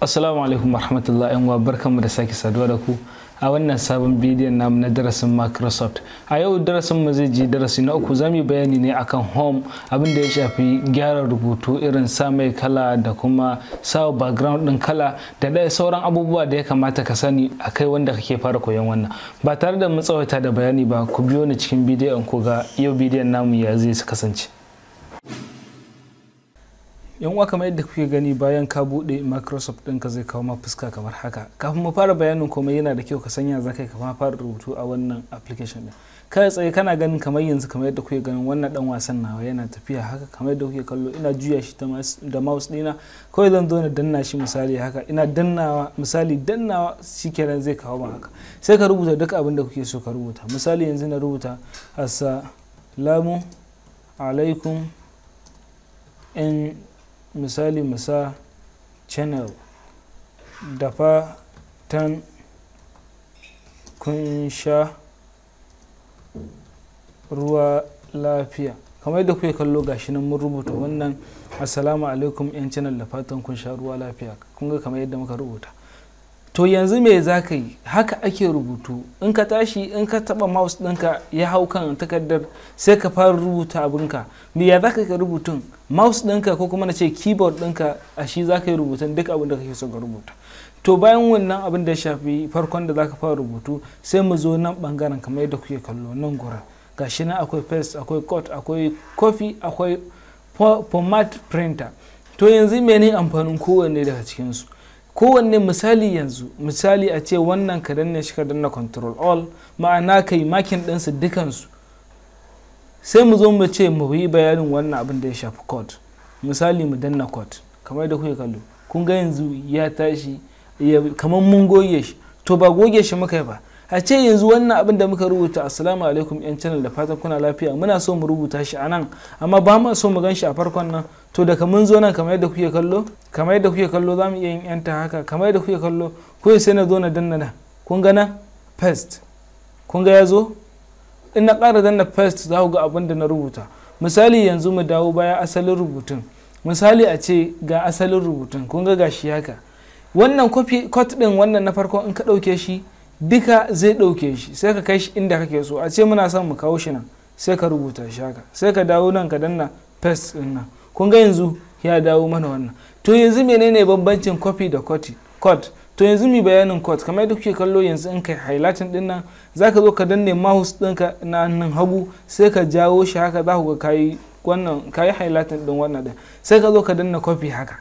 assalamu alaikum warahmatullahi wa barakatuh da sake saduwa da ku a wannan sabon bidiyon namu na darasin Microsoft. A yau darasin mu zai ji darasi na uku zamu bayani ne akan home abin da ya shafi gyara rubutu irin sa mai kala da kuma sa background din kala da dai sauran abubuwa da ya kamata ka sani akai wanda kake fara koyon wannan. Ba tare da mu tsawaita da bayani ba ku biyo ni cikin bidiyon ku ga yau bidiyon namu ya zai kasance. yan uwa kamar yadda kuke gani bayan ka bude microsoft ka zai kawo ma fuska kamar haka kafin mu fara bayanin komai yana da kyau ka sanya za kai kama fara rubutu a wannan application din kai tsaye kana ganin kamar yanzu kamar yadda kuke ganin wannan dan wasan nawa yana tafiya haka kamar yadda kuke kallo ina juya shi da mouse dina kawai zan zo na danna shi misali haka ina dannawa misali dannawa shikenan zai kawo ma haka sai ka rubuta duk abin da kuke so ka rubuta misali yanzu na rubuta assalamu alaikum 'yan misali musa channel da fatan kun sha ruwa lafiya kamar yadda kuke kallo gashi nan mun rubuta wannan assalamu alaikum yan channel da fatan kun sha ruwa lafiya kun ga kamar yadda muka rubuta to yanzu me za ka yi haka ake rubutu in ka tashi in ka taba mouse ɗinka ya hau kan takardar sai ka fara rubuta abinka me ya za ka ka rubutun mouse ɗinka ko kuma na ce keyboard ɗinka a shi za ka yi rubutun duk abin da kake so ka rubuta to bayan wannan abin da ya shafi farkon da za ka fara rubutu sai mu zo nan bangaren kamar yadda kuke kallo nan gurin gashi nan akwai paste akwai cut akwai coffee akwai format printer to yanzu me ne amfanin kowanne daga cikinsu kowanne misali yanzu misali a ce wannan ka danne shi ka danna control all ma'ana kai makin ɗinsu dukansu sai mu zo mu ce mu yi bayanin wannan abin da ya shafi code misali mu danna code kamar da kuke kallo kun ga yanzu ya tashi kamar mun goge shi to ba goge shi muka yi ba a ce yanzu wannan abin da muka rubuta assalamu alaikum yan channel da fatan kuna lafiya muna so mu rubuta shi a nan amma ba mu so mu gan shi a farkon nan to daga mun zo nan kamar yadda kuke kallo kamar yadda kuke kallo za mu iya yin yanta haka kamar yadda kuke kallo ko sai na zo na danna nan kun ga na first kun ga ya zo in na ƙara danna first za ku ga abin da na rubuta misali yanzu mu dawo baya asalin rubutun misali a ce ga asalin rubutun kun ga gashi haka wannan kwat din wannan na farkon in ka ɗauke shi duka zai ɗauke shi sai ka kai shi inda kake so a ce muna son mu kawo shi nan sai ka rubuta shi haka sai ka dawo nan ka danna paste din nan kun ga yanzu ya dawo mana wannan to yanzu menene bambancin copy da cut to yanzu mi bayanin cut kamar yadda kuke kallo yanzu in kai highlighting din nan zaka zo ka danne mouse ɗinka na nan hagu sai ka jawo shi haka za ku ga kayi wannan kayi highlighting din wannan din sai ka zo ka danna copy haka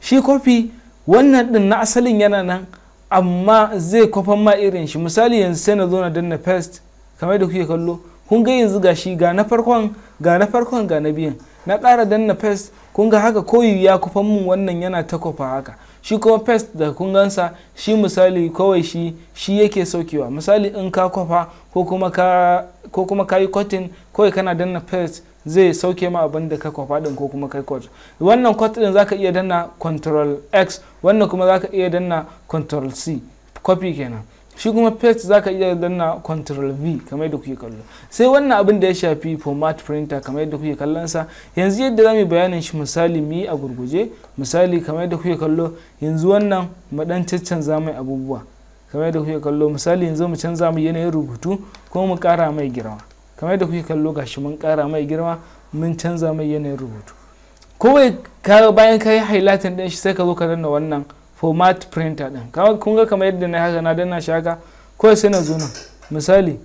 shi copy wannan din na asalin yana nan amma zai kwafan ma irin shi misali yanzu sai na zo na danna paste kamar da kuke kallo kun ga yanzu ga shi ga na farkon ga na farkon ga na biyan na ƙara danna fest kun ga haka koyi ya kufan mun wannan yana ta kwafa haka shi kuma fest da kun gansa shi misali kawai shi shi yake saukewa misali in ka kwafa ko kuma ka yi cotton kawai kana danna paste zai sauke ma abin da ka kwafa ko kuma kai kwat wannan kwat din zaka iya danna control x wannan kuma zaka iya danna control c copy kenan shi kuma paste zaka iya danna control v kamar yadda kuke kallo sai wannan abin da ya shafi format printer kamar yadda kuke kallon sa yanzu yadda zamu bayanin shi misali mu yi a gurguje misali kamar yadda kuke kallo yanzu wannan mu dan caccanza mai abubuwa kamar yadda kuke kallo misali yanzu mu canza mu yanayin rubutu ko mu kara mai girma kamar yadda kuke kallo gashi mun kara mai girma mun canza mai yanayin rubutu kawai bayan kayi yi highlighting din shi sai ka zo ka danna wannan format printer din kun ga kamar yadda na haka na danna shi haka kawai sai na zo nan misali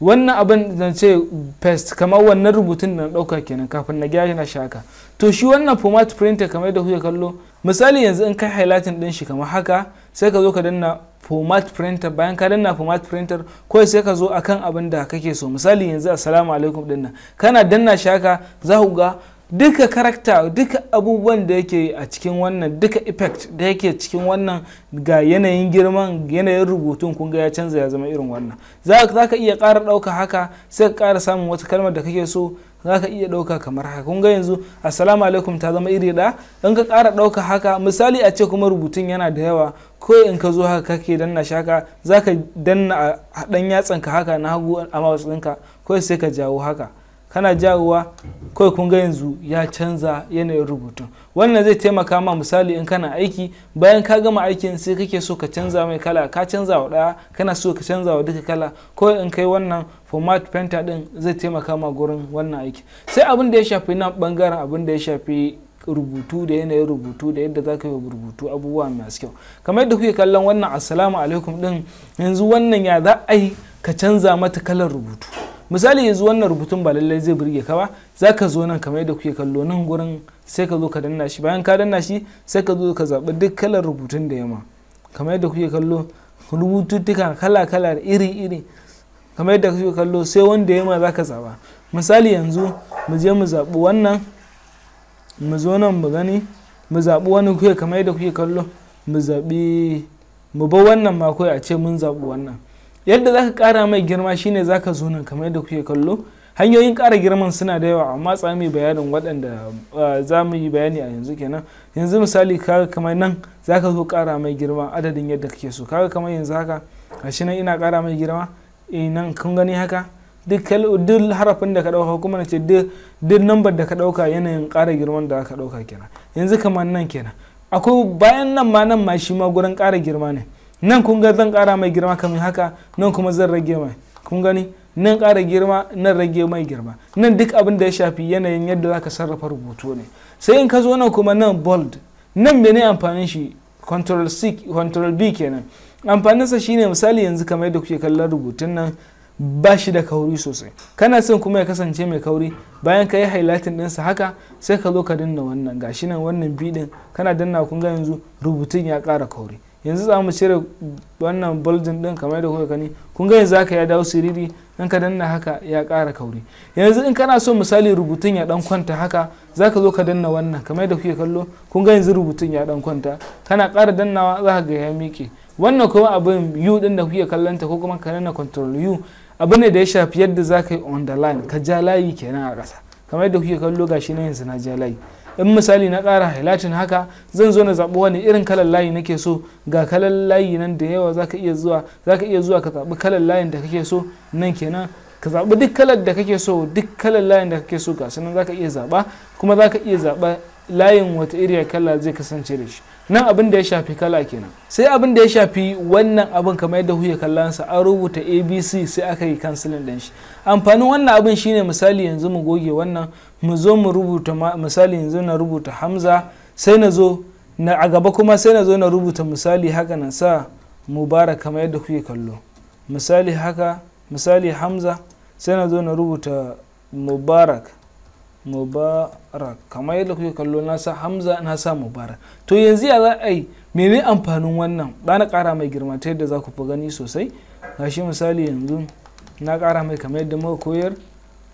wannan abin da ce paste kamar wannan rubutun da na dauka kenan kafin na gyara na shaka to shi wannan format printer kamar yadda kuke kallo misali yanzu in kai highlighting din shi kamar haka sai ka zo ka danna format printer bayan ka danna format printer ko sai ka zo akan abin da kake so misali yanzu assalamu alaikum dinnan kana danna shaka za ku ga duka karakta duka abubuwan da yake a cikin wannan duka effect da yake cikin wannan ga yanayin girman yanayin rubutun kun ga ya canza ya zama irin wannan za ka iya ƙara ɗauka haka sai ka ƙara samun wata kalmar da kake so za ka iya ɗauka kamar haka kun ga yanzu assalamu alaikum ta zama iri ɗa in ka kara ɗauka haka misali a ce kuma rubutun yana da yawa ko in ka zo haka kake danna shaka za ka danna a ɗan yatsanka haka na hagu a mouse ɗinka ko sai ka jawo haka kana jawowa kawai kun ga yanzu ya canza yanayin rubutun wannan zai taimaka ma misali in kana aiki bayan ka gama aikin sai kake so ka canza mai kala ka canza wa daya kana so ka canza wa duka kala ko in kai wannan format fenta din zai taimaka ma gurin wannan aiki sai abin da ya shafi nan bangaren abin da ya shafi rubutu da yanayin rubutu da yadda za ka yi rubutu abubuwa masu kyau kamar yadda kuke kallon wannan assalamu alaikum din yanzu wannan ya za a yi ka canza mata kalar rubutu misali yanzu wannan rubutun ba lallai zai burge ka ba za ka zo nan kamar yadda kuke kallo nan gurin sai ka zo ka danna shi bayan ka danna shi sai ka zo ka zaɓi duk kalar rubutun da yamma kamar yadda kuke kallo rubututtuka kala kala iri iri kamar yadda kuke kallo sai wanda yamma za ka zaɓa misali yanzu mu je mu zaɓi wannan mu zo nan mu gani mu zaɓi wani kuke kamar yadda kuke kallo mu zaɓi mu bar wannan ma a ce mun zaɓi wannan yadda za ka ƙara mai girma shine za ka zo nan kamar yadda kuke kallo hanyoyin kara girman suna da yawa amma tsami bayanin waɗanda za mu yi bayani a yanzu kenan yanzu misali kaga kamar nan za ka zo ƙara mai girma adadin yadda kake so kaga kamar yanzu haka gashi nan ina kara mai girma eh, nan kun gani haka duk harafin da ka ɗauka kuma na ce duk nambar da ka ɗauka yanayin kara girman da ka dauka kenan yanzu kamar nan kenan akwai bayan nan ma nan ma shi ma gurin ƙara girma ne nan kun ga zan kara mai girma kamar haka nan kuma zan rage mai kun gani nan ƙara girma nan rage mai girma nan duk abin da ya shafi yanayin yadda zaka sarrafa rubutu ne sai in ka zo nan kuma nan bold nan mene amfanin shi control c control b kenan amfaninsa shine misali yanzu kamar yadda kuke kallon rubutun nan ba shi da kauri sosai kana son kuma ya kasance mai kauri bayan ka yi highlighting ɗinsa haka sai ka zo ka danna wannan gashi nan wannan bidin kana danna kun ga yanzu rubutun ya kara kauri yanzu za mu cire wannan bulgin din kamar da kuka gani kun ga yanzu haka ya dawo siriri in ka danna haka ya kara kauri yanzu in kana so misali rubutun ya dan kwanta haka za ka zo ka danna wannan kamar da kuke kallo kun ga yanzu rubutun ya dan kwanta kana ƙara dannawa za ka ga ya miƙe wannan kuma abin u din da kuke kallonta ko kuma kana danna control u abu ne da ya shafi yadda za ka yi on the line ka ja layi kenan a ƙasa kamar da kuke kallo gashi na yanzu na ja layi in misali na ƙara highlighting haka zan zo na zaɓi wani irin kalar layi nake so ga kalan layi nan da yawa ka iya zuwa ka iya zuwa ka zaɓi kalan layin da kake so nan kenan ka zaɓi duk kalar da kake so duk kalar layin da kake so ga nan ka iya zaɓa kuma za ka iya zaɓa layin wata iriya kala zai kasance da shi nan abin da ya shafi kala kenan sai abin da ya shafi wannan abin kamar yadda huye kallansa an rubuta abc sai aka yi kansilin din shi amfanin wannan abin shine misali yanzu mu goge wannan mu zo mu rubuta misali yanzu na rubuta hamza sai na zo na a gaba kuma sai na zo na rubuta misali haka na sa mubarak kamar yadda kuke kallo misali haka misali hamza sai na zo na rubuta mubarak mubarak kamar yadda kuke kallo na sa hamza na sa mubarak to yanzu ya za a yi mene amfanin wannan ba na kara mai girma ta yadda za ku fi gani sosai gashi misali yanzu na kara mai kamar yadda muka koyar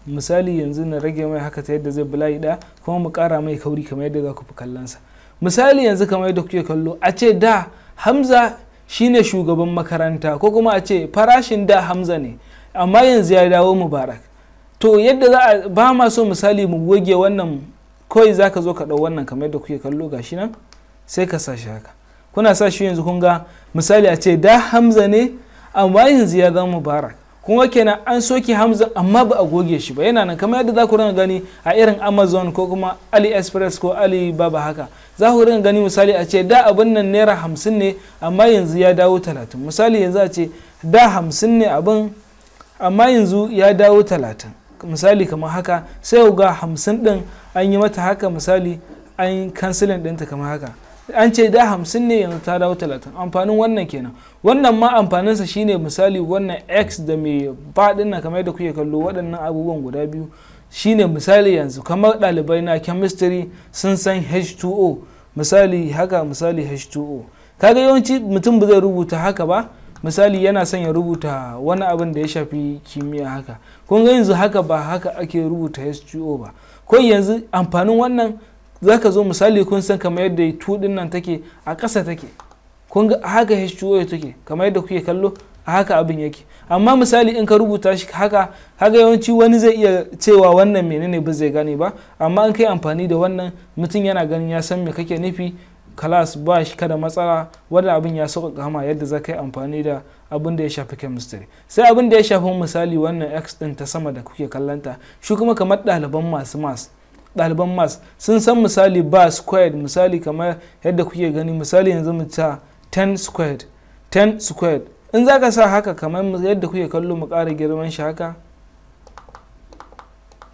misali yanzu na rage mai haka ta yadda zai yi da kuma mu kara mai kauri kamar yadda za ku fi kallonsa misali yanzu kamar yadda kuke kallo a ce da hamza shine shugaban makaranta ko kuma a ce farashin da hamza ne amma yanzu ya dawo mubarak to yadda za a ba ma so misali mu goge wannan kawai za ka zo ka ɗau wannan kamar yadda kuke kallo gashi nan sai ka sa shi haka kuna sa shi yanzu kun ga misali a ce da hamza ne amma yanzu ya zama mubarak kuma kenan an soke hamza amma ba a goge shi ba yana nan kamar yadda za ku rin gani a irin amazon ko kuma Ali aliexpress ko alibaba haka za ku rin gani misali a ce da abin nan naira hamsin ne amma yanzu ya dawo talatin misali yanzu a ce da hamsin ne abin amma yanzu ya dawo talatin misali kamar haka sai ga hamsin din an yi mata haka misali an kansilin ɗinta kamar haka an ce da hamsin ne yanzu ta dawo talatin amfanin wannan kenan wannan ma amfaninsa shine misali wannan x da mai faɗin na kamar yadda kuke kallo waɗannan abubuwan guda biyu shine misali yanzu kamar ɗalibai na chemistry sun san h2o misali haka misali h2o kaga yawanci mutum ba zai rubuta haka ba misali yana son ya rubuta wani abin da ya shafi kimiyya haka kun ga yanzu haka ba haka ake rubuta hgo ba ko yanzu amfanin wannan zaka zo misali kun san kamar yadda tudin nan take a ƙasa take kun ga haka ya take kamar yadda kuke kallo a haka abin yake amma misali in ka rubuta shi haka haka yawanci wani zai iya cewa wannan menene ba zai gane ba amma in kai amfani da wannan mutum yana ganin ya san me kake nufi kalas ba shi kada matsala wannan abin ya sauƙaƙa ma yadda za ka yi amfani da abin da ya shafi chemistry sai abin da ya shafi misali wannan x din ta sama da kuke kallanta shi kuma kamar ɗaliban masu mas ɗaliban mas sun san misali ba squared misali kamar yadda kuke gani misali yanzu mu ta 10 squared 10 squared in za ka sa haka kamar yadda kuke kallo mu ƙara girman shi haka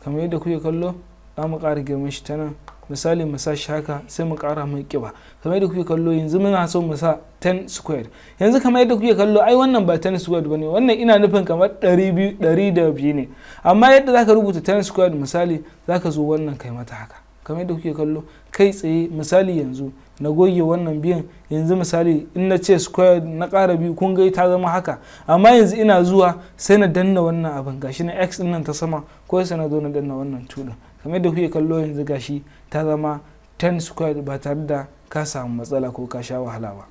kamar yadda kuke kallo za mu ƙara girman shi ta nan misali mu sa shi haka sai mu kara mai kiba kamar yadda kuke kallo yanzu muna so mu sa 10 squared yanzu kamar yadda kuke kallo ai wannan ba 10 squared bane wannan ina nufin kamar 200 ne amma yadda zaka rubuta 10 squared misali zaka zo wannan kai mata haka kamar yadda kuke kallo kai tsaye misali yanzu na goge wannan biyan yanzu misali in na ce squared na ƙara biyu kun gai ta zama haka amma yanzu ina zuwa sai na danna wannan abin gashi na x din nan ta sama ko sai na zo na danna wannan 2 kamar da kuke kallo yanzu gashi ta zama 10 square ba tare da ka samu matsala ko ka sha wahala ba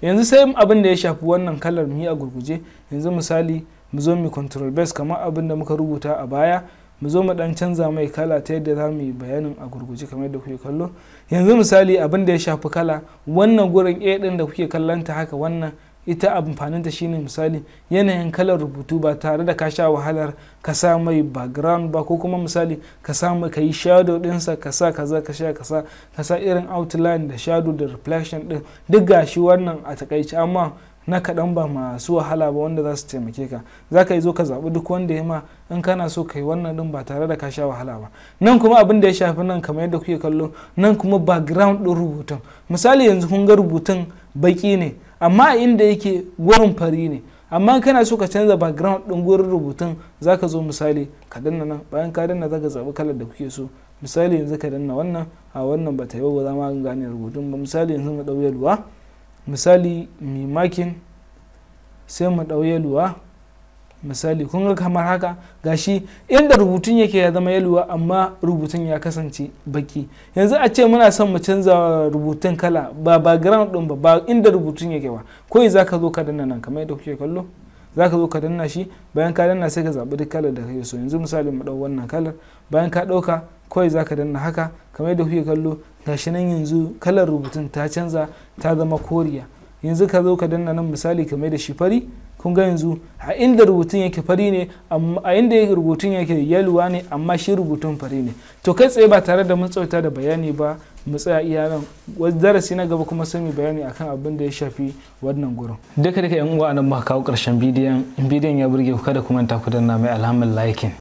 yanzu sai abin da ya shafi wannan kalar mu yi a gurguje yanzu misali mu zo mu control base kamar abin da muka rubuta a baya mu zo mu dan canza mai kala ta yadda za mu yi bayanin a gurguje kamar da kuke kallo yanzu misali abin da ya shafi kala wannan gurin a din da kuke kallon ta haka wannan ita amfanin ta shine misali yanayin kalar rubutu ba tare da ka sha wahalar ka sa mai background ba ko kuma misali ka sa mai kai yi shadow dinsa ka sa kaza ka sha kasa ka sa irin outline da shadow da reflection din duk gashi wannan a takaice amma na kaɗan ba masu wahala ba wanda za su taimake ka za ka yi zo ka zaɓi duk wanda ya ma in kana so ka yi wannan din ba tare da ka sha wahala ba nan kuma abin da ya shafi nan kamar yadda kuke kallo nan kuma background ɗin rubutun misali yanzu kun ga rubutun baƙi ne amma a inda yake wurin fari ne amma kana so ka canza background din gurin rubutun zaka zo misali ka danna nan bayan ka danna zaka zaɓi kalar da kuke so misali yanzu ka danna wannan a wannan ba ta yi ba za ma gane rubutun ba misali yanzu mu ɗauye luwa misali mai makin sai mu ɗauye luwa. misali kun ga kamar haka gashi inda rubutun yake ya zama yaluwa amma rubutun ya kasance baki yanzu a ce muna son mu canza rubutun kala ba background din ba ba inda rubutun yake ba kawai zaka zo ka danna nan kamar yadda kuke kallo zaka zo ka danna shi bayan ka danna sai ka zaɓi duk kalar da kake so yanzu misali mu ɗau wannan kalar bayan ka ɗauka kawai zaka danna haka kamar yadda kuke kallo gashi nan yanzu kalar rubutun ta canza ta zama koriya yanzu ka zo ka danna nan misali kamar da shi fari kun ga yanzu a inda rubutun yake fari ne a inda rubutun yake yalwa ne amma shi rubutun fari ne to kai tsaye ba tare da mun tsauta da bayani ba mu tsaya iya nan darasi na gaba kuma sami bayani akan abin da ya shafi wannan gurin duka duka yan uwa nan ba kawo karshen bidiyon bidiyon ya burge ku kada ku manta ku danna mai alhamdulillah